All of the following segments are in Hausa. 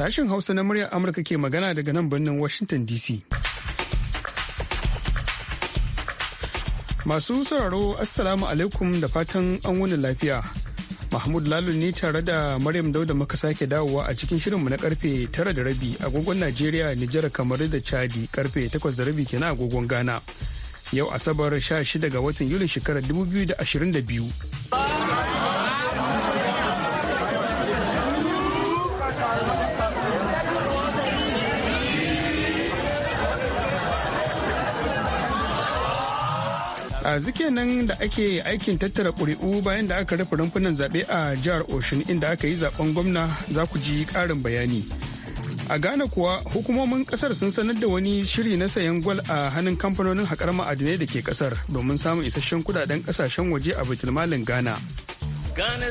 Sashen Hausa na muryar Amurka ke magana daga nan birnin Washington DC. Masu sauraro Assalamu alaikum da fatan an wuni lafiya. Mahmud lalu ne tare da Maryam Dauda muka sake dawowa a cikin shirinmu na karfe tara da rabi agogon Najeriya, Nijar, kamar da Chadi karfe takwas da rabi kenan agogon Ghana. Yau Asabar 16 ga watan Yulin shekarar 2022. a nan da ake aikin tattara ƙuri'u bayan da aka rufe rumfunan zaɓe a jihar oshun inda aka yi zaɓen gwamna za ku ji ƙarin bayani a ghana kuwa hukumomin kasar sun sanar da wani shiri na sayan gwal a hannun kamfanonin haƙar ma'adinai da ke kasar domin samun isasshen kudaden kasashen waje a bitulmalin ghana Duk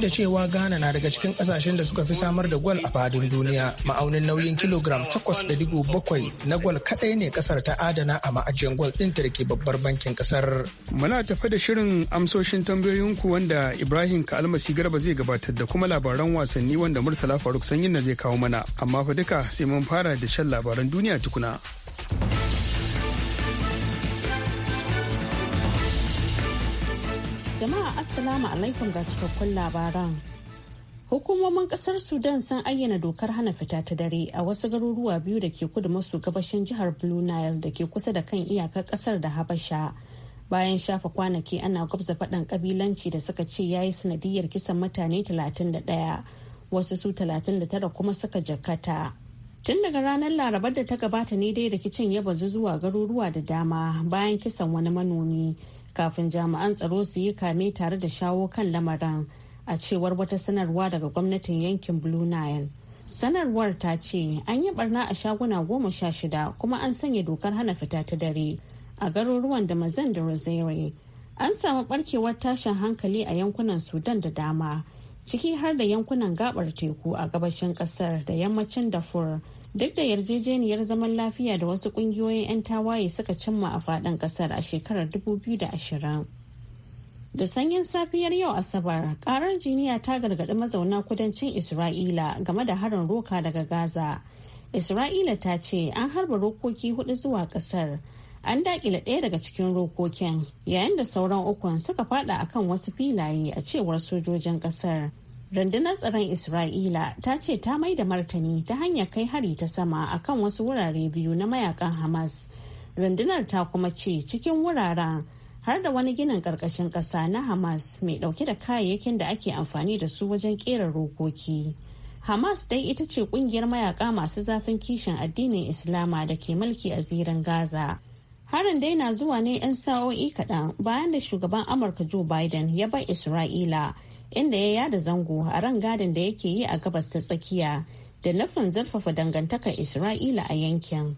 da cewa Ghana na daga cikin kasashen da suka fi samar da gwal a fadin duniya, ma'aunin nauyin kilogram 8.7 na gwal kadai ne kasar ta adana a ma'ajiyar gwal ɗinta da ke babbar bankin kasar. Muna tafe da shirin amsoshin tambayoyinku wanda Ibrahim Kalmasi Garba zai gabatar da kuma labaran wasanni wanda Murtala Faruk Sanyin na zai kawo mana, amma fa duka sai mun fara da shan labaran duniya tukuna. Jama'a Assalamu alaikum ga cikakkun labaran. Hukumomin kasar Sudan sun ayyana dokar hana fita ta dare a wasu garuruwa biyu da ke kudu maso gabashin jihar Blue Nile da ke kusa da kan iyakar kasar da Habasha. Bayan shafa kwanaki ana gwabza faɗan kabilanci da suka ce ya yi sanadiyar kisan mutane 31 wasu su 39 kuma suka jakata. Tun daga ranar Larabar da ta gabata ne dai rikicin ya bazu zuwa garuruwa da dama bayan kisan wani manomi kafin jami'an tsaro su yi kame tare da shawo kan lamarin a cewar wata sanarwa daga gwamnatin yankin blue nile sanarwar ta ce an yi barna a shaguna goma sha shida kuma an sanya dokar hana fita ta dare a garuruwan da mazan da rosary an samu barkewar tashin hankali a yankunan sudan da dama ciki har da yankunan gabar teku a gabashin kasar da yammacin dafur duk da yarjejeniyar zaman lafiya da wasu kungiyoyin 'yan tawaye suka cimma a fadin kasar a shekarar 2020 da sanyin safiyar yau asabar karar jiniya ta gargaɗi mazauna kudancin isra'ila game da harin roka daga gaza isra'ila ta ce an harba rokoki hudu zuwa kasar an dakile ɗaya daga cikin rokokin yayin da sauran ukun suka fada akan wasu filaye a cewar sojojin kasar. rundunar tsaron isra'ila ta ce ta mai da martani ta hanyar kai hari ta sama akan wasu wurare biyu na mayakan hamas rundunar ta kuma ce cikin wuraren har da wani ginin karkashin kasa na hamas mai ɗauke da kayayyakin da ake amfani da su wajen ƙera rokoki hamas dai ita ce ƙungiyar mayaka masu zafin kishin addinin islama da ke mulki a zirin gaza harin dai na zuwa ne 'yan sa'o'i kaɗan bayan da shugaban amurka joe biden ya bar isra'ila inda ya yada zango a ran rangadin da yake yi a gabas ta tsakiya da nufin zurfafa dangantakar isra'ila a yankin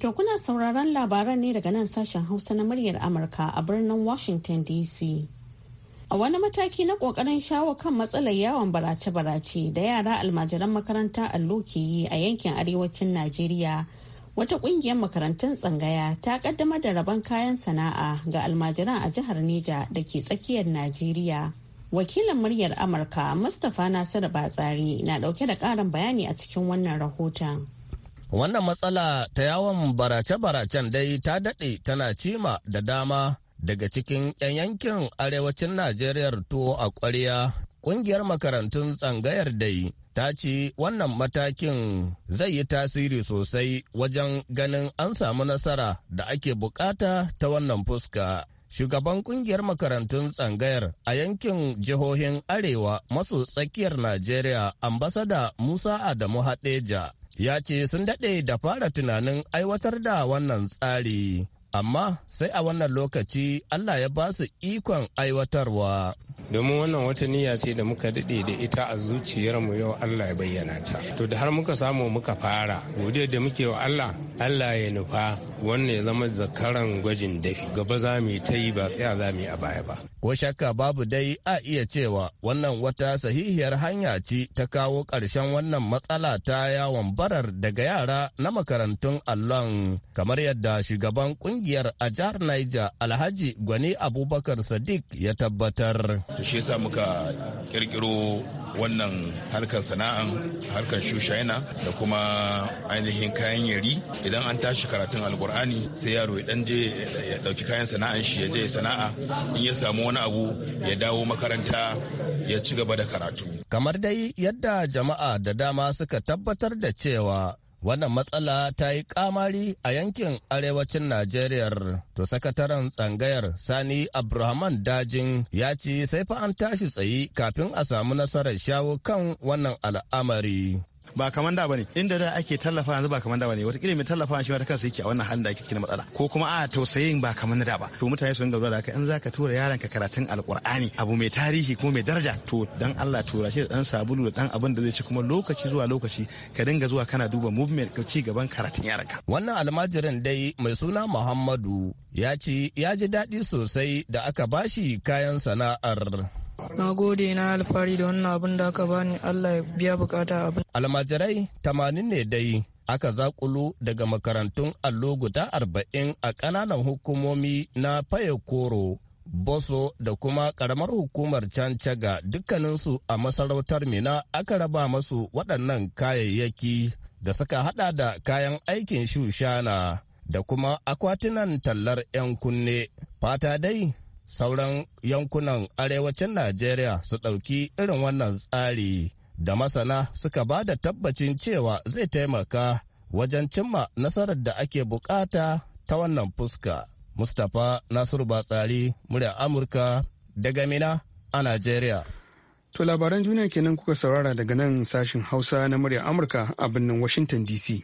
to kuna sauraron labaran ne daga nan sashen hausa na muryar amurka a birnin washington dc a wani mataki na kokarin shawo kan matsalar yawon barace-barace da yara almajiran makaranta allo ke yi a yankin arewacin najeriya wata kungiyar makarantun tsangaya ta kaddamar da rabon kayan sana'a ga almajiran a jihar Neja da ke tsakiyar Najeriya. Wakilin muryar Amurka Mustapha Nasiru Batsari na dauke da karin bayani a cikin wannan rahoton. Wannan matsala ta yawon barace-baracen dai ta daɗe tana cima da dama daga cikin 'yan yankin arewacin Najeriya tuwo a ƙwarya ƙungiyar makarantun tsangayar dai ta ce wannan matakin zai yi tasiri sosai wajen ganin an samu nasara da ake bukata ta wannan fuska. shugaban kungiyar makarantun tsangayar a yankin jihohin arewa maso tsakiyar najeriya ambasada musa adamu hadeja ya ce sun daɗe da fara tunanin aiwatar da wannan tsari amma sai a wannan lokaci allah ya ba su ikon aiwatarwa domin wannan wata niyya ce da muka daɗe da ita a zuciyarmu yau allah ya bayyana ta to da har muka samu muka fara godiyar da muke wa allah allah ya nufa wannan ya zama zakaran gwajin dafi gaba za mu ta yi ba tsaya za mu yi a baya ba. Ko shakka babu dai a iya cewa wannan wata sahihiyar hanya ce ta kawo ƙarshen wannan matsala ta yawon barar daga yara na makarantun allon kamar yadda shugaban kungiyar a jihar Niger Alhaji Gwani Abubakar Sadiq ya tabbatar. Shi yasa muka kirkiro wannan harkar sana'an harkar shushaina da kuma ainihin kayan yari idan an tashi karatun algo alkur'ani sai yaro ya dan je ya dauki kayan sana'an shi ya je sana'a in ya samu wani abu ya dawo makaranta ya ci gaba da karatu kamar dai yadda jama'a da dama suka tabbatar da cewa wannan matsala ta yi kamari a yankin arewacin najeriya to sakataren tsangayar sani abrahaman dajin ya ce sai fa an tashi tsayi kafin a samu nasarar shawo kan wannan al'amari ba kamar da bane inda da ake tallafa yanzu ba kamar da bane wata mai tallafa shi ma ta kansa yake a wannan halin da ake cikin matsala ko kuma a tausayin ba kamar da ba to mutane sun gaba da haka in zaka tura yaran ka karatun alkur'ani abu mai tarihi ko mai daraja to dan Allah tura shi da dan sabulu da dan abin da zai ci kuma lokaci zuwa lokaci ka dinga zuwa kana duba movement ka ci gaban karatun yaron ka wannan almajirin dai mai suna Muhammadu ya ce ya ji daɗi sosai da aka bashi kayan sana'ar Na gode na alfahari da wannan abin da aka bani Allah ya biya bukata abin. Almajirai tamanin ne dai aka zakulu daga makarantun allo guda arba'in a ƙananan hukumomi na faye koro boso da kuma ƙaramar hukumar cancaga dukkaninsu a masarautar mina aka raba masu waɗannan kayayyaki da suka hada da kayan aikin shushana da kuma akwatunan tallar 'yan kunne fata dai sauran yankunan arewacin Najeriya su ɗauki irin wannan tsari da masana suka ba da tabbacin cewa zai taimaka wajen cimma nasarar da ake bukata ta wannan fuska. Mustapha Nasiru Batsari, murya Amurka daga Mina a Najeriya. To labaran duniya kenan kuka saurara daga nan sashin Hausa na murya Amurka a birnin Washington DC.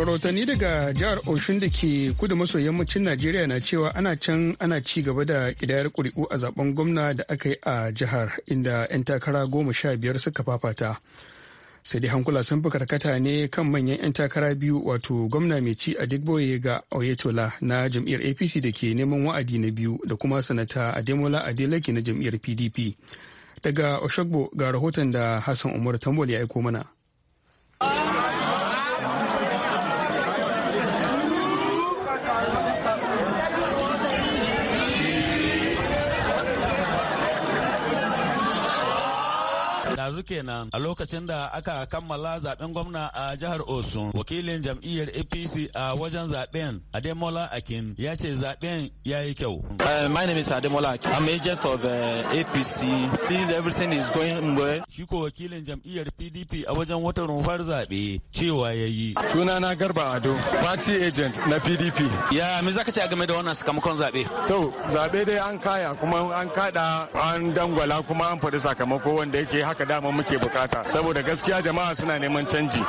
To daga jihar Oshun da ke kudu maso yammacin Najeriya na cewa ana can ana ci gaba da kidayar ƙuri'u a zaben gwamna da aka yi a jihar inda 'yan takara goma sha biyar suka fafata. Sai dai hankula sun fi karkata ne kan manyan 'yan takara biyu wato gwamna mai ci a Digboye ga Oyetola na jam'iyyar APC da ke neman wa'adi na biyu da kuma sanata Ademola adelaki na jam'iyyar PDP. Daga Oshogbo ga rahoton da Hassan Umar Tambol ya aiko mana. yanzu kenan a lokacin da aka kammala zaben gwamna a jihar Osun. Wakilin jam'iyyar APC a wajen zaben Ademola Akin ya ce zaben ya yi kyau. Eh, my name is Ademola Akin. I'm agent of uh, eh, APC. Everything is going well. Shi ko wakilin jam'iyyar PDP a wajen wata rumfar zaɓe cewa ya yi. Sunana Garba Ado, party agent na PDP. Ya me zaka ce game da wannan sakamakon zaɓe? To, zaɓe dai an kaya kuma an kada an dangwala kuma an faɗi sakamako wanda yake haka da dama muke bukata saboda gaskiya jama'a suna neman canji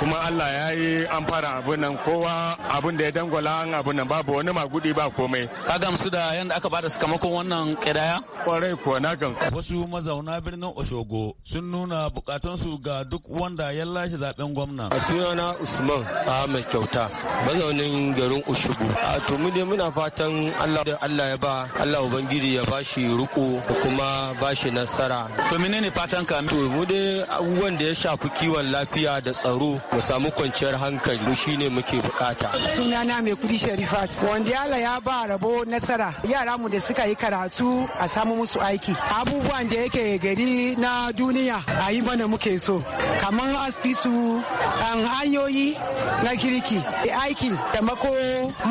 kuma Allah ya yi an fara abin nan kowa abin da ya dangwala an abin nan babu wani magudi ba komai ka gamsu da yadda aka bada sakamakon wannan kidaya kwarai kuwa na gamsu wasu mazauna birnin Oshogo sun nuna bukatunsu ga duk wanda ya lashe zaben gwamna a sunana Usman Ahmed Kyauta mazaunin garin Oshogo a to mu dai muna fatan Allah da Allah ya ba Allah ubangiji ya bashi riko kuma bashi nasara to menene fatanka sami to mu dai abubuwan da ya shafi kiwon lafiya da tsaro mu samu kwanciyar hankali mu shine muke bukata sunana mai kudi sharifat wanda yala ya ba rabo nasara yara mu da suka yi karatu a samu musu aiki abubuwan da yake gari na duniya a yi mana muke so kamar asibitu hanyoyi na kirki aiki taimako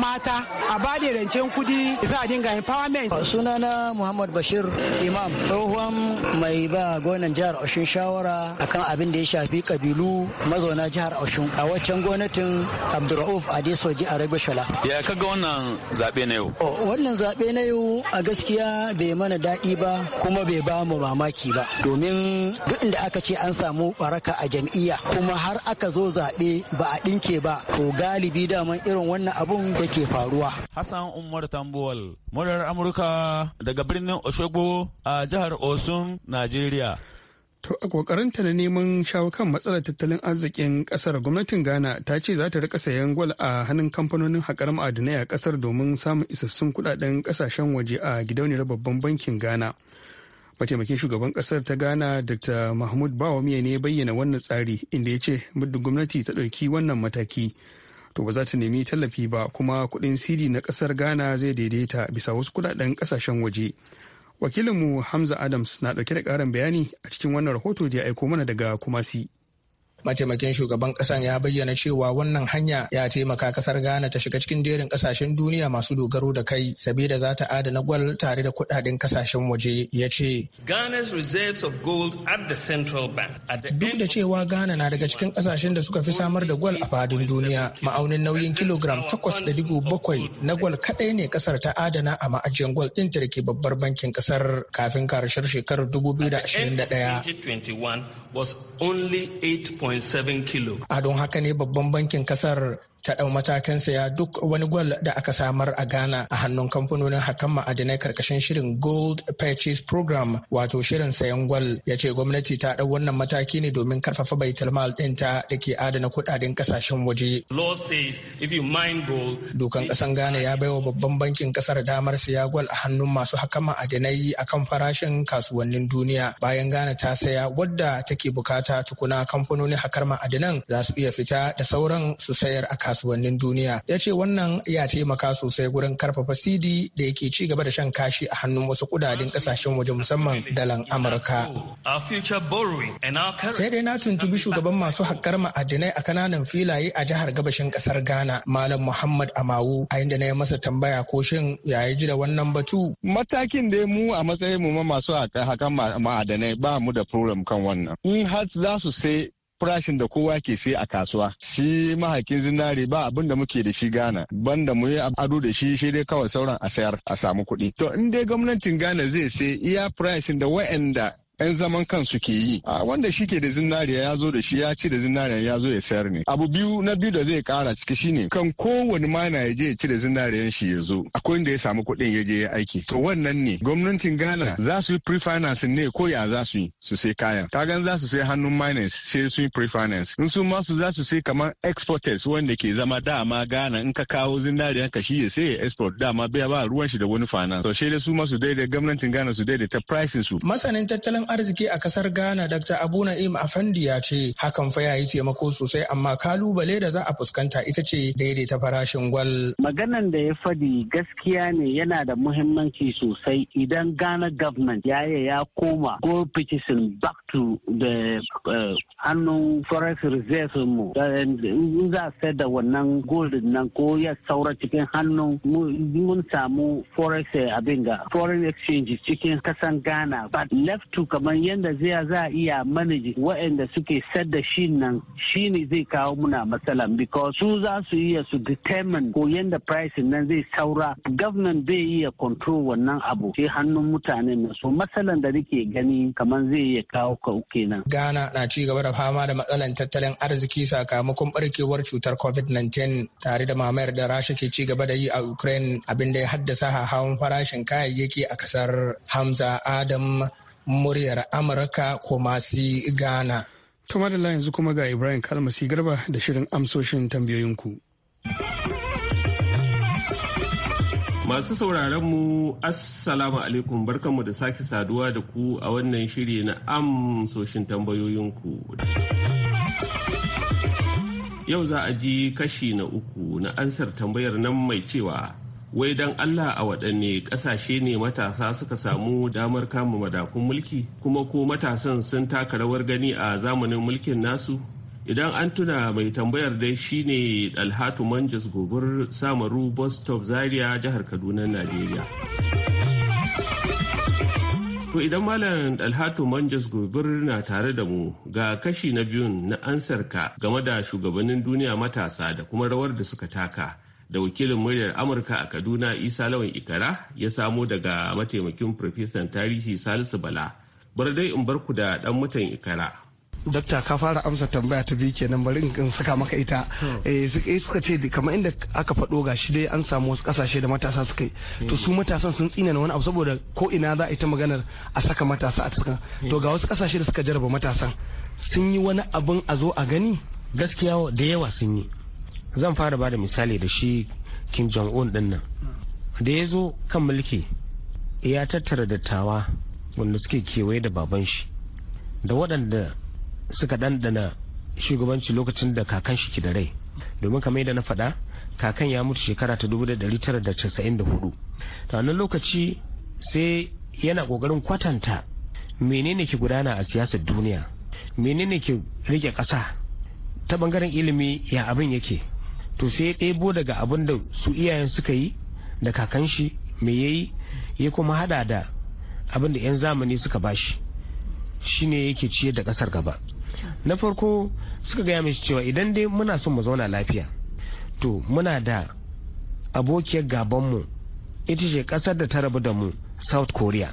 mata a ba rancen kudi za a dinga empowerment sunana muhammad bashir imam tsohon mai ba gonan jihar jihar Oshun shawara akan abin da ya shafi kabilu mazauna jihar Oshun a waccan gwamnatin Abdurrauf Adesoji Aragbashola. Ya kaga wannan zaɓe na yau? Wannan zaɓe na yau a gaskiya bai mana daɗi ba kuma bai ba mu mamaki ba domin duk inda aka ce an samu baraka a jam'iyya kuma har aka zo zaɓe ba a ɗinke ba to galibi daman irin wannan abun yake faruwa. Hassan Umar Tambuwal, murar Amurka daga birnin Oshogbo a jihar Osun, Najeriya. To a kokarinta na neman shawo kan matsalar tattalin arzikin kasar gwamnatin Ghana ta ce za ta rika sayan gwal a hannun kamfanonin hakar ma'adinai a kasar domin samun isassun kudaden kasashen waje a gidauniyar babban bankin Ghana. Mataimakin shugaban kasar ta Ghana Dr. Mahmud Bawamiya ne bayyana wannan tsari inda ya ce muddin gwamnati ta ɗauki wannan mataki. To ba za ta nemi tallafi ba kuma kuɗin sidi na kasar Ghana zai daidaita bisa wasu kudaden kasashen waje. wakilinmu hamza adams na dauke da karin bayani a cikin wannan rahoto da ya aiko mana daga kumasi Mataimakin shugaban ƙasan ya bayyana cewa wannan hanya ya taimaka ƙasar Ghana ta shiga cikin jerin ƙasashen duniya masu dogaro da kai, sabida za ta adana gwal tare da kuɗaɗen ƙasashen waje, ya ce. Duk da cewa Ghana na daga cikin ƙasashen da suka fi samar da gwal a fadin duniya, ma'aunin nauyin kilogram takwas da bakwai na gwal kaɗai ne ƙasar ta adana a ma'ajiyar gwal ɗin da ke babbar bankin ƙasar kafin karshen shekarar 2021. 1.7 kilo. A don haka ne babban bankin kasar ta ɗau matakan saya duk wani gwal da aka samar a Ghana a hannun kamfanonin hakan ma'adinai karkashin shirin Gold Purchase Program wato shirin sayan gwal ya ce gwamnati ta ɗau wannan mataki ne domin karfafa baitul mal ta da ke adana kuɗaɗen ƙasashen waje. Dukan ƙasan Ghana ya baiwa babban bankin ƙasar damar saya gwal a hannun masu hakan ma'adinai a kan farashin kasuwannin duniya bayan Ghana ta saya wadda take bukata tukuna kamfanonin hakar ma'adinan za su iya fita da sauran su sayar a kasuwa. kasuwannin duniya ya ce wannan ya taimaka sosai gurin karfafa cd da yake ci gaba da shan kashi a hannun wasu kudaden kasashen waje musamman dalan amurka sai dai na tuntubi shugaban masu haƙar ma'adinai a kananan filaye a jihar gabashin kasar ghana malam muhammad amawu a inda na yi masa tambaya ko shin ya ji da wannan batu matakin da mu a matsayin mu masu haƙar ma'adinai ba mu da problem kan wannan in har za su sai farashin da kowa ke sai a kasuwa shi mahaikin zinari ba abin da muke da shi Ghana banda mu yi ado da shi shi dai kawai sauran a sayar a samu kuɗi to in dai gwamnatin gana zai sai iya farashin da wa'anda 'yan zaman kansu ke yi wanda shi ke da zinariya ya zo da shi ya ci da zinariya ya zo ya sayar ne abu biyu na biyu da zai kara ciki shine kan kowane mana ya je ya ci da zinariyan shi ya zo akwai inda ya samu kuɗin ya je ya aiki to wannan ne gwamnatin ghana za su yi pre ne ko ya za su yi su sai kayan kagan za su sai hannun miners sai su yi pre in su masu za su sai kamar exporters wanda ke zama dama ghana in ka kawo zinariyan ka shi ya sai ya export dama biya ba ruwan shi da wani fana. to sai su masu daidai gwamnatin ghana su daidaita pricing su masanin tattalin arziki a kasar Ghana Dr. Abu Na'im Afandi ya ce hakan fa yayi taimako sosai amma kalubale da za a fuskanta ita ce daidaita farashin gwal. Maganan da ya fadi gaskiya ne yana da muhimmanci sosai idan Ghana government ya yi ya koma gold purchasing back to the uh, hannun forex reserve mu in za a sayar da wannan gold nan ko ya saura cikin hannun mun samu forex eh, abin ga foreign exchange cikin kasan Ghana but left to kamar yadda zai za a iya manage waɗanda suke sadda shi nan shi ne zai kawo muna matsalan because su za su iya su determine ko yadda price nan zai saura government bai iya control wannan abu sai hannun mutane na so matsalan da nake gani kamar zai iya kawo uke nan. Ghana na ci gaba da fama da matsalar tattalin arziki sakamakon barkewar cutar COVID-19 tare da mamayar da Rasha ke ci gaba da yi a Ukraine abin da ya haddasa hawan farashin kayayyaki a kasar Hamza Adam muryar Amurka masu Ghana. Tuma da yanzu kuma ga Ibrahim Kalmasi Garba da shirin amsoshin tambayoyinku. Masu sauraron mu Assalamu alaikum barkanmu da sake saduwa da ku a wannan shiri na amsoshin tambayoyinku. Yau za a ji kashi na uku na ansar tambayar nan mai cewa wai don allah a waɗanne ƙasashe ne matasa suka samu damar kama madakun mulki kuma ko matasan sun taka rawar gani a zamanin mulkin nasu idan an tuna mai tambayar dai shine alhatu manjus gobir samaru bus stop zaria jihar kaduna najeriya To idan Malam Dalhatu Manjas Gobir na tare da mu ga kashi na biyun na ansarka game da shugabannin duniya matasa da kuma rawar da suka taka da wakilin muryar amurka a kaduna isa lawan ikara ya samo daga mataimakin profesan tarihi salisu bala bar dai in barku da dan mutan ikara dokta ka fara amsa tambaya ta biyu kenan bari in saka maka ita hmm. eh suka ce kamar inda aka fado ga shi dai an samu wasu kasashe da matasa suka yi to hmm. su matasan sun tsina na wani abu saboda ko ina za a ita maganar a saka matasa a cikin hmm. to ga wasu kasashe da suka jarraba matasan sun yi wani abin a zo a gani gaskiya da yawa sun yi zan fara ba da misali da shi kim jong un din nan da ya zo kan mulki ya tattara dattawa wanda suke kewaye da baban shi da waɗanda suka ɗanɗana shugabanci lokacin da kakan shi ke da rai domin kamar yadda na faɗa kakan ya mutu shekara ta 1994 ta wannan lokaci sai yana ƙoƙarin kwatanta menene ke gudana a siyasar duniya menene ke rike ƙasa ta ɓangaren ilimi ya abin yake to sai ya ɗebo daga abin da su iyayen suka yi da kakan shi me ya yi ya kuma hada da abin da 'yan zamani suka bashi ne yake ciyar da ƙasar gaba na farko suka gaya mai cewa idan dai muna son mu zauna lafiya to muna da abokiyar gabanmu ita ce ƙasar da ta rabu da mu south korea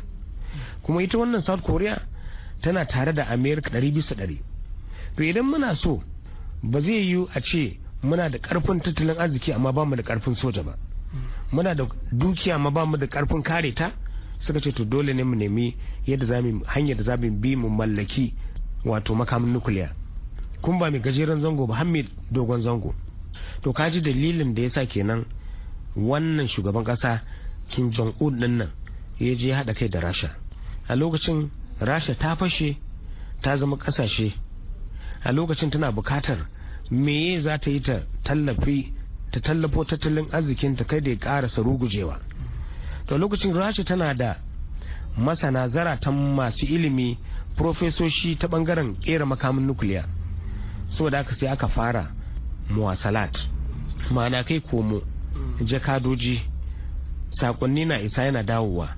kuma ita wannan south korea tana tare da america ɗari bisa ɗari to idan muna so ba zai yiwu a ce muna da karfin tattalin arziki amma ba mu da karfin soja ba muna da dukiya amma ba mu da karfin kare ta suka ce to dole ne mu nemi yadda za mu hanyar da za mu bi mu mallaki wato makamin nukiliya kun ba mai gajeren zango ba har dogon zango to kaji dalilin da ya yasa kenan wannan shugaban kasa kim jong un din nan ya je haɗa kai da rasha a lokacin rasha ta fashe ta zama kasashe a lokacin tana bukatar meye za ta yi ta tallafi ta tallafo tattalin arzikin ta kai da ya karasa rugujewa to lokacin Rashi tana da masana zaratan masu ilimi profesoshi ta bangaren kera makamin nukuliya saboda aka sai aka fara muwasalat ma'ana kai komo jakadoji sakonni na isa yana dawowa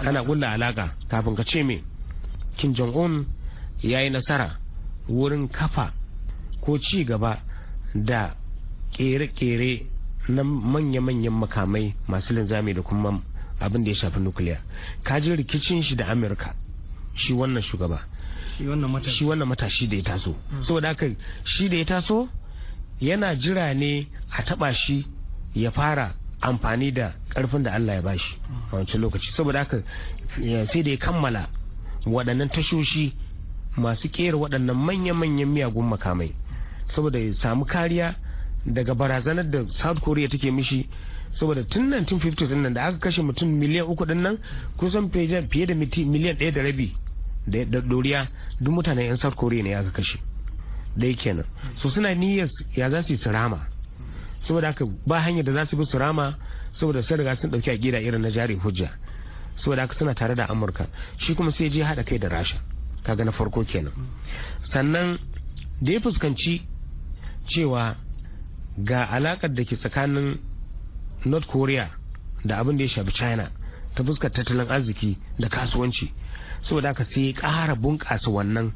ana kulla alaka kafin ka ce me kin jong ya yi nasara wurin kafa ko ci gaba da kere-kere na manya-manyan makamai masu linzami da kuma abin da ya shafi nukiliya ka kaji rikicin shi da amurka shi wannan shugaba shi wannan matashi da ya taso hmm. saboda haka shi da ya taso yana jira ne a taba shi ya fara amfani da karfin da Allah ya bashi hmm. a wancan lokaci saboda haka sai da ya kammala waɗannan tashoshi masu kera waɗannan manya-manyan miyagun makamai saboda ya samu kariya daga barazanar da south korea take mishi saboda tun 1950 din nan da aka kashe mutum miliyan uku din nan kusan fiye da miliyan ɗaya da rabi da doriya duk mutanen 'yan south korea ne aka kashe Da yake nan so suna niyyar ya za su yi rama saboda haka ba hanyar da za su bi su saboda sun riga sun ɗauki gida irin na jari hujja saboda haka suna tare da amurka shi kuma sai je haɗa kai da rasha kaga na farko kenan sannan da ya fuskanci cewa ga alakar da ke tsakanin north korea da abin da ya shafi china ta fuskar tattalin arziki da kasuwanci saboda aka sai ƙara bunƙasa wannan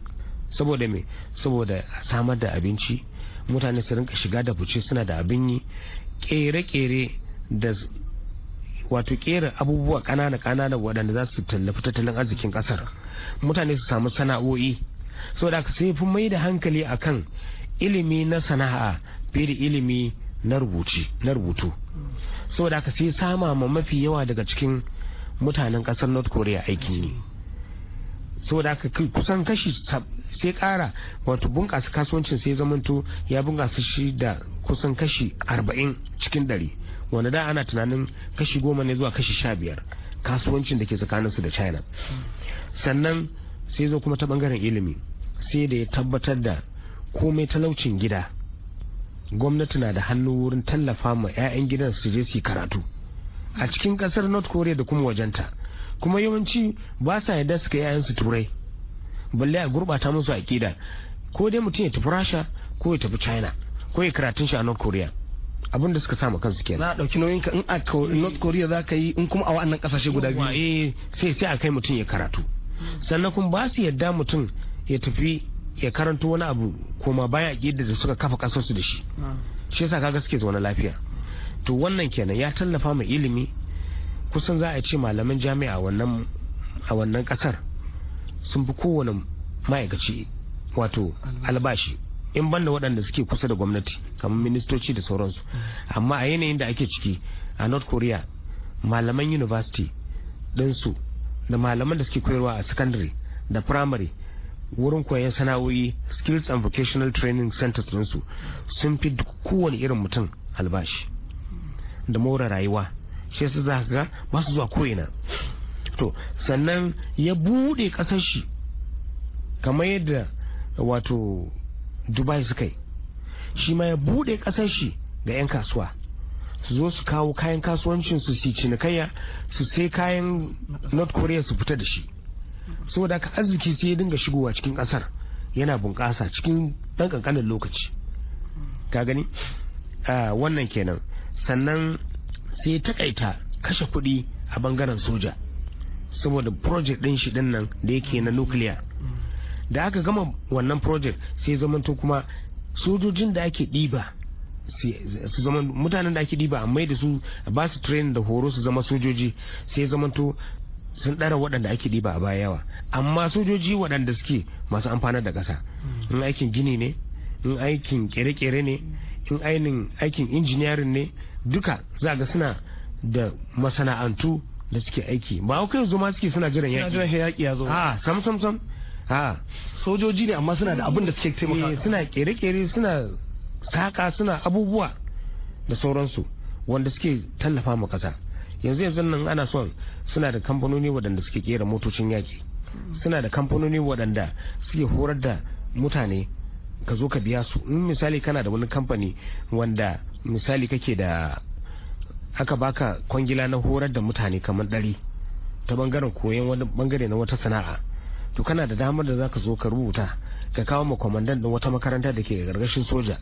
saboda me saboda samar da abinci mutane su rinka shiga da fice suna da abin yi kere-kere da wato kera abubuwa ƙanana-ƙanana waɗanda za su tallafi tattalin arzikin ƙasar mutane su samu sana'o'i saboda aka sai fi mai da hankali akan ilimi na sana'a fiye da ilimi na rubutu saboda haka sai sama ma mafi yawa daga cikin mutanen kasar north korea aiki ne. saboda haka kusan kashi sai kara wato bunkasa kasuwancin sai zamantu ya bunkasa shi da kusan kashi arba'in cikin dare wanda da ana tunanin kashi goma ne zuwa kashi sha biyar kasuwancin da ke tsakaninsu da china mm. sannan sai zo kuma ta bangaren ilimi sai da ya tabbatar da komai talaucin gida gwamnati na da hannu wurin tallafa ma 'ya'yan gidan su je su karatu a cikin kasar north korea da kuma wajenta kuma yawanci ba sa yarda su 'ya'yan su turai balle a gurbata musu aƙida ko dai mutum ya tafi rasha ko ya tafi china ko ya karatun shi a north korea abin da suka sama kansu kenan na dauki nauyin ka in a north korea za ka yi in kuma a wa'annan kasashe guda biyu eh, sai sai a kai mutum ya karatu sannan kuma ba su yadda mutum ya tafi ya karanto wani abu koma baya ƙidda da suka kafa kasarsu da shi ah. shi yasa kaga suke zaune lafiya to wannan kenan ya tallafa mai ilimi kusan za a ce malaman jami'a a wannan kasar sun fi kowane ma'aikaci wato albashi in banda waɗanda suke kusa da gwamnati kamar ministoci da sauransu hmm. amma a yanayin da ake ciki a north korea malaman university ɗinsu da malaman da suke koyarwa a secondary da primary wurin koyon sana'o'i skills and vocational training centers ɗinsu sun fi kowane irin mutum albashi da more rayuwa shi yasa za ka ga ba su zuwa ko'ina to sannan ya bude kasar shi kamar yadda wato dubai suka yi shi ma ya bude ƙasar shi ga 'yan kasuwa su zo su kawo kayan kasuwancin su si cinikayya su sai kayan north korea su fita da shi saboda haka arziki sai ya dinga shigowa cikin kasar yana bunƙasa cikin ɗan ƙanƙanin lokaci ka gani wannan kenan sannan sai ya takaita kashe kuɗi a bangaren soja saboda project ɗin shi nan da yake na nuclear. da aka gama wannan project sai zamanto kuma sojojin da ake ɗiba su zama mutanen da ake diba amma da su ba su training da horo su zama sojoji sai zamanto sun ɗara waɗanda ake ɗiba a baya yawa amma sojoji waɗanda suke masu amfanar da ƙasa hmm. in aikin gini ne in aikin kere-kere ne in ainin aikin injiniyarin ne duka za ga suna da masana'antu da suke aiki ba kai yanzu ma suke suna jiran yaƙi ya zo a ah, sam sam sam ha ah, sojoji ne amma suna da abin da suke taimaka eh, suna kere-kere suna saka suna abubuwa da sauransu wanda suke tallafa ma ƙasa yanzu yanzu nan ana son suna da kamfanoni waɗanda suke kera motocin yaki suna da kamfanoni waɗanda suke horar da mutane ka zo ka biya su in misali kana da wani kamfani wanda misali kake da aka baka kwangila na horar da mutane kamar ɗari ta bangaren koyon wani bangare na wata sana'a to kana da damar da zaka zo ka rubuta ka kawo ma kwamandan wata makaranta da ke gargashin soja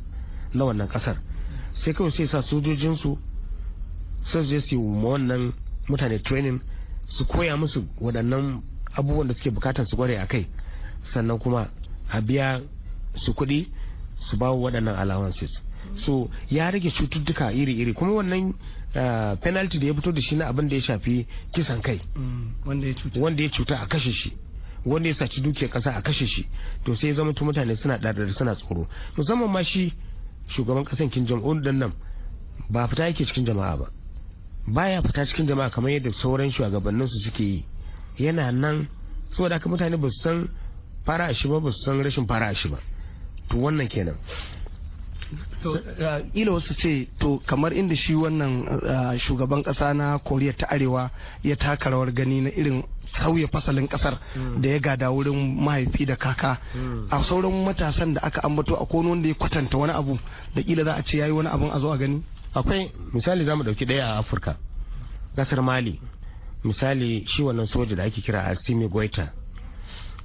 na wannan kasar sai kawai sai sa sojojinsu sai su je su yi wannan mutane training su koya musu waɗannan abubuwan da suke bukatar su ware a kai sannan kuma a biya su kuɗi su ba waɗannan allowances so ya rage cututtuka iri-iri kuma wannan eh, penalty da ya fito da shi na abin da ya shafi kisan kai mm, wanda ya cuta a kashe shi wanda ya saci dukiyar kasa a kashe shi to sai zama mutane suna ɗaɗar suna tsoro musamman ma shi shugaban kasan kin jam'un nan ba fita yake cikin jama'a ba baya fita cikin jama'a kamar yadda sauran shugabannin su suke yi yana nan saboda haka mutane ba su san fara shi ba ba su san rashin fara shi ba to wannan kenan uh, ila wasu ce to kamar inda shi wannan uh, shugaban kasa na koriya ta arewa ya taka rawar gani na irin sauya fasalin kasar hmm. da ya gada wurin mahaifi da kaka hmm. a sauran matasan da aka ambato a kono wanda ya kwatanta wani abu da kila za a ce yayi wani abun a zo a gani akwai misali za mu ɗauki ɗaya a afirka ƙasar mali misali shi wannan soja da ake kira asimi goita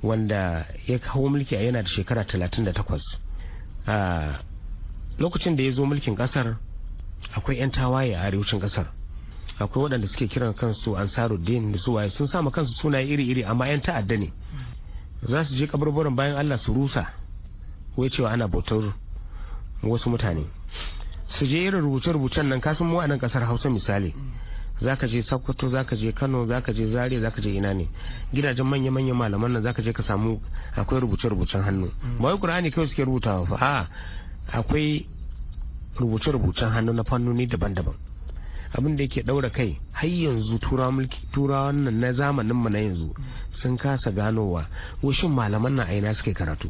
wanda ya kawo mulki a yana da shekara 38 lokacin da ya zo mulkin ƙasar akwai 'yan tawaye a arewacin ƙasar akwai waɗanda suke kiran kansu ansaruddin da suwaye sun sama kansu sunaye iri-iri amma 'yan ta'adda ne za su je kaburburan bayan allah su rusa wai cewa ana bautar wasu mutane su je irin rubuce-rubucen nan kasan mu a nan kasar hausa misali zaka je sokoto zaka je kano zaka je zare zaka je ina ne gidajen manya-manya malaman nan zaka je ka samu akwai rubuce-rubucen hannu ba wai qur'ani kawai suke rubutawa ba a akwai rubuce-rubucen hannu na fannoni daban-daban abin da yake daura kai har yanzu turawa mulki turawan nan na zamanin mu na yanzu sun kasa ganowa washin malaman na aina suke karatu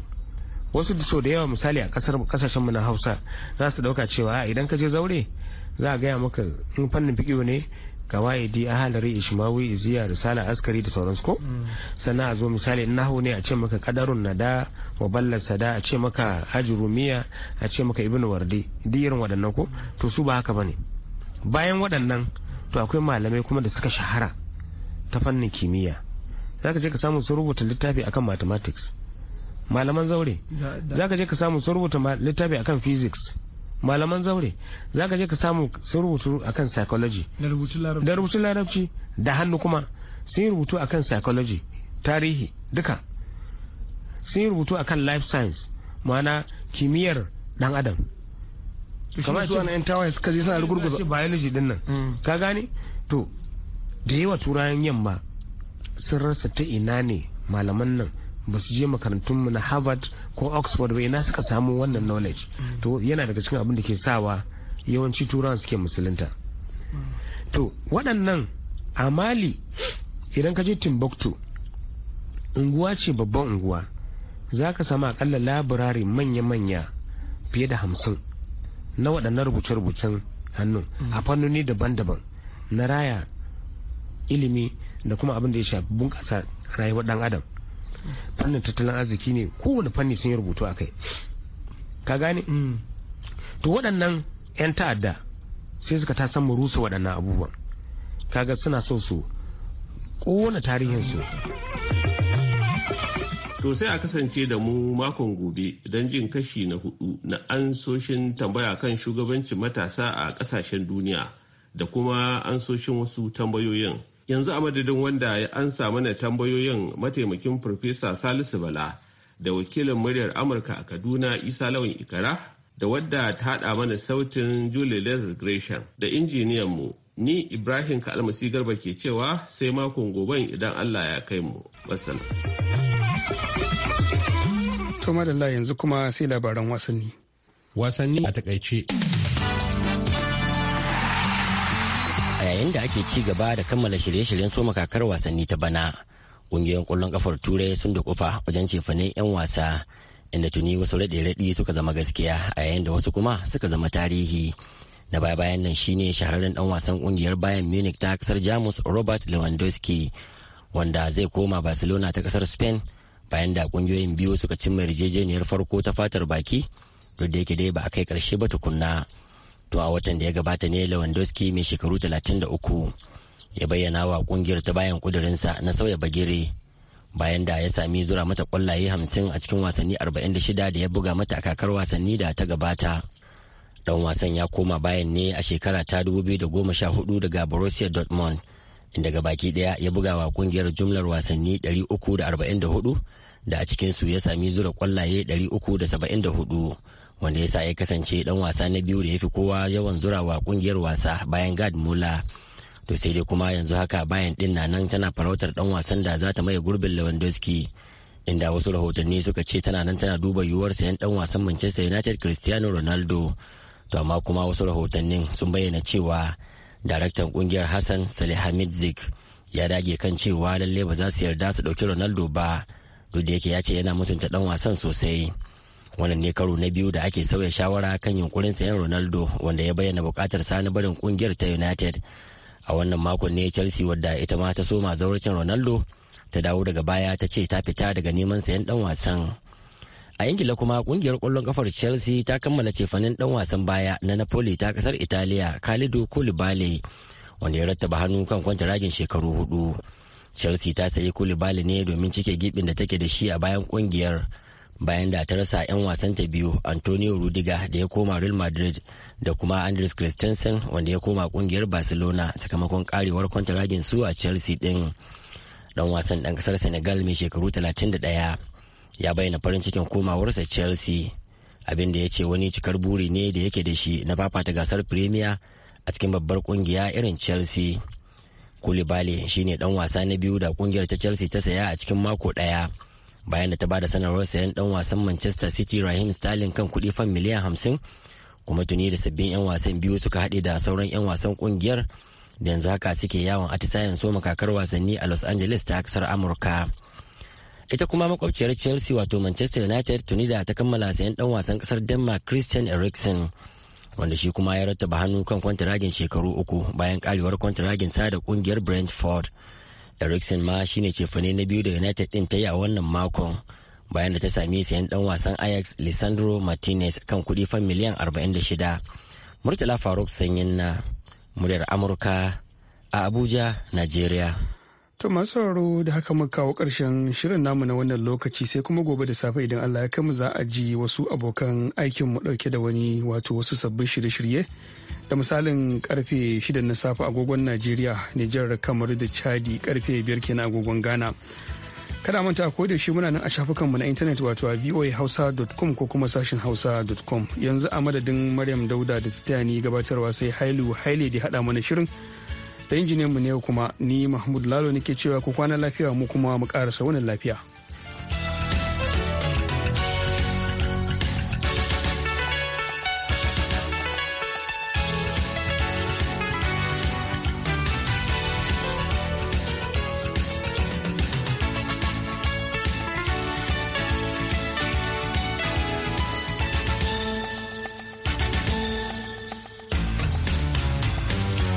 wasu so da yawa misali a kasashen mu na hausa za su dauka cewa idan ka je zaure za a gaya maka in fannin fikiyo ne ga kawaidi a halari ishmawi iziya risala askari da sauransu ko mm. sannan a zo misali in nahu ne a ce maka kadarun nada wa ballar sada a ce maka hajji rumiya a ce maka ibnu wardi duk irin waɗannan ko mm. to su ba haka bane bayan waɗannan to akwai malamai kuma da suka shahara ta fannin kimiyya zaka je ka samu sun rubuta littafi akan mathematics malaman zaure za ka je ka samu sun rubuta littafi akan physics malaman zaure za ka je ka samu sun rubutu akan psychology da rubutun larabci da hannu kuma sun rubutu akan psychology tarihi duka sun rubutu akan life science ma'ana kimiyyar dan adam kamar su wani tawaye suka je suna rugurguza biology din nan mm. ka gane to da yawa turayen yamma sun rasa ta ina ne malaman nan ba su je makarantunmu na harvard ko oxford ba ina suka samu wannan knowledge to yana daga cikin abin da ke sawa yawanci turawan suke musulunta to waɗannan a mali idan ka je timbuktu unguwa ce babban unguwa za ka samu akalla laburare manya-manya fiye da hamsin na waɗannan rubuce-rubucen hannu a fannoni daban-daban na raya ilimi da kuma abin da ya shafi bunƙasa rayuwar ɗan adam fannin tattalin arziki ne kowane fanni sun yi rubutu a kai ka gane mm. to waɗannan 'yan ta'adda sai suka ta san rusa waɗannan abubuwan kaga suna so su tarihin su to sai a kasance da mu makon gobe don jin kashi na hudu na ansoshin tambaya kan shugabancin matasa a kasashen duniya da kuma ansoshin wasu tambayoyin yanzu a madadin wanda an samu na tambayoyin mataimakin farfesa salisu bala da wakilin muryar amurka a kaduna isa lawan ikara da wadda ta haɗa mana sautin julie les gresham da injiniyanmu ni ibrahim kalmasi garba ke cewa sai makon goben idan allah ya kai mu wassalam to madalla yanzu kuma sai labaran wasanni wasanni a takaice yayin da ake ci gaba da kammala shirye-shiryen soma kakar wasanni ta bana ƙungiyoyin ƙwallon kafar turai sun da kufa wajen cefane 'yan wasa inda tuni wasu raɗe-raɗi suka zama gaskiya a yayin da wasu kuma suka zama tarihi na baya bayan nan shine shahararren dan wasan ƙungiyar bayan munich ta kasar jamus robert lewandowski wanda zai koma barcelona ta kasar spain bayan da ƙungiyoyin biyu suka cimma yarjejeniyar farko ta fatar baki duk da yake dai ba a kai karshe ba tukunna to a watan da ya gabata ne lewandowski mai shekaru 33 ya bayyana wa kungiyar ta bayan kudurinsa na sauya bagire bayan da ya sami zura mata kwallaye 50 a cikin wasanni 46 da ya buga mata a kakar wasanni da ta gabata dan wasan ya koma bayan ne a shekara ta 2014 daga borussia dortmund inda ga baki daya ya buga wa kungiyar jumlar wasanni 344 da a cikinsu ya sami zura kwallaye 374 wanda ya sa ya kasance dan wasa na biyu da ya fi kowa yawan zurawa kungiyar wasa bayan gad mula to sai dai kuma yanzu haka bayan din na nan tana farautar dan wasan da za ta maye gurbin lewandowski inda wasu rahotanni suka ce tana nan tana duba yiwuwar sayan dan wasan manchester united cristiano ronaldo to amma kuma wasu rahotannin sun bayyana cewa daraktan kungiyar hassan salihamidzik ya dage kan cewa lalle ba za su yarda su dauki ronaldo ba duk da yake ya ce yana mutunta dan wasan sosai wannan ne karo na biyu da ake sauya shawara kan yunkurin sayan ronaldo wanda ya bayyana bukatar sani barin kungiyar ta united a wannan makon ne chelsea wadda ita ma ta soma zauracin ronaldo ta dawo daga baya ta ce ta fita daga neman sayan dan wasan a ingila kuma kungiyar kwallon kafar chelsea ta kammala cefanen dan wasan baya na napoli ta kasar italiya khalidu kulibale wanda ya rattaba hannu kan kwanta ragin shekaru hudu chelsea ta sayi kulibale ne domin cike gibin da take da shi a bayan kungiyar bayan da ta rasa 'yan wasanta biyu antonio rudiga da ya koma real madrid da kuma andres christensen wanda ya koma kungiyar barcelona sakamakon karewar kwantaragin su a chelsea din dan wasan dan kasar senegal mai shekaru 31 ya bayyana farin cikin komawarsa chelsea abin da ya ce wani cikar buri ne da yake da shi na fafata gasar premier a cikin babbar kungiya irin chelsea kulibali shine dan wasa na biyu da kungiyar ta chelsea ta saya a cikin mako daya bayan da ta bada sanarwar sayan dan wasan manchester city rahim sterling kan kudi fan miliyan hamsin kuma tuni da sabbin 'yan wasan biyu suka haɗe da sauran 'yan wasan kungiyar da yanzu haka suke yawon atisayen soma kakar wasanni a los angeles ta kasar amurka ita kuma makwabciyar chelsea wato manchester united tuni da ta kammala sayan dan wasan kasar denmark christian eriksen wanda shi kuma ya rattaba hannu kan kwantaragin shekaru uku bayan karewar kwantaragin sa da kungiyar brentford Eriksen ma shine cefane na biyu da United ɗin ta yi a wannan makon bayan da ta sami sayan dan wasan Ajax Lisandro Martinez kan kuɗi fan miliyan 46. Murtala Faruk Sanyin na muryar Amurka a Abuja, Najeriya. To masu sauraro da haka muka kawo ƙarshen shirin namu na wannan lokaci sai kuma gobe da safe idan Allah ya kama za a ji wasu abokan aikin mu ɗauke da wani wato wasu sabbin shirye-shirye da misalin karfe 6 na safe agogon najeriya nijar kamar da chadi karfe 5 kenan agogon ghana kada manta ko da shi muna nan a shafukanmu na intanet wato a voahausa.com ko kuma sashin hausa.com yanzu a madadin maryam dauda da ta ni gabatarwa sai hailu haile da hada mana shirin da injiniyan mu ne kuma ni mahmud lalo nake cewa ku kwana lafiya mu kuma mu karasa wani lafiya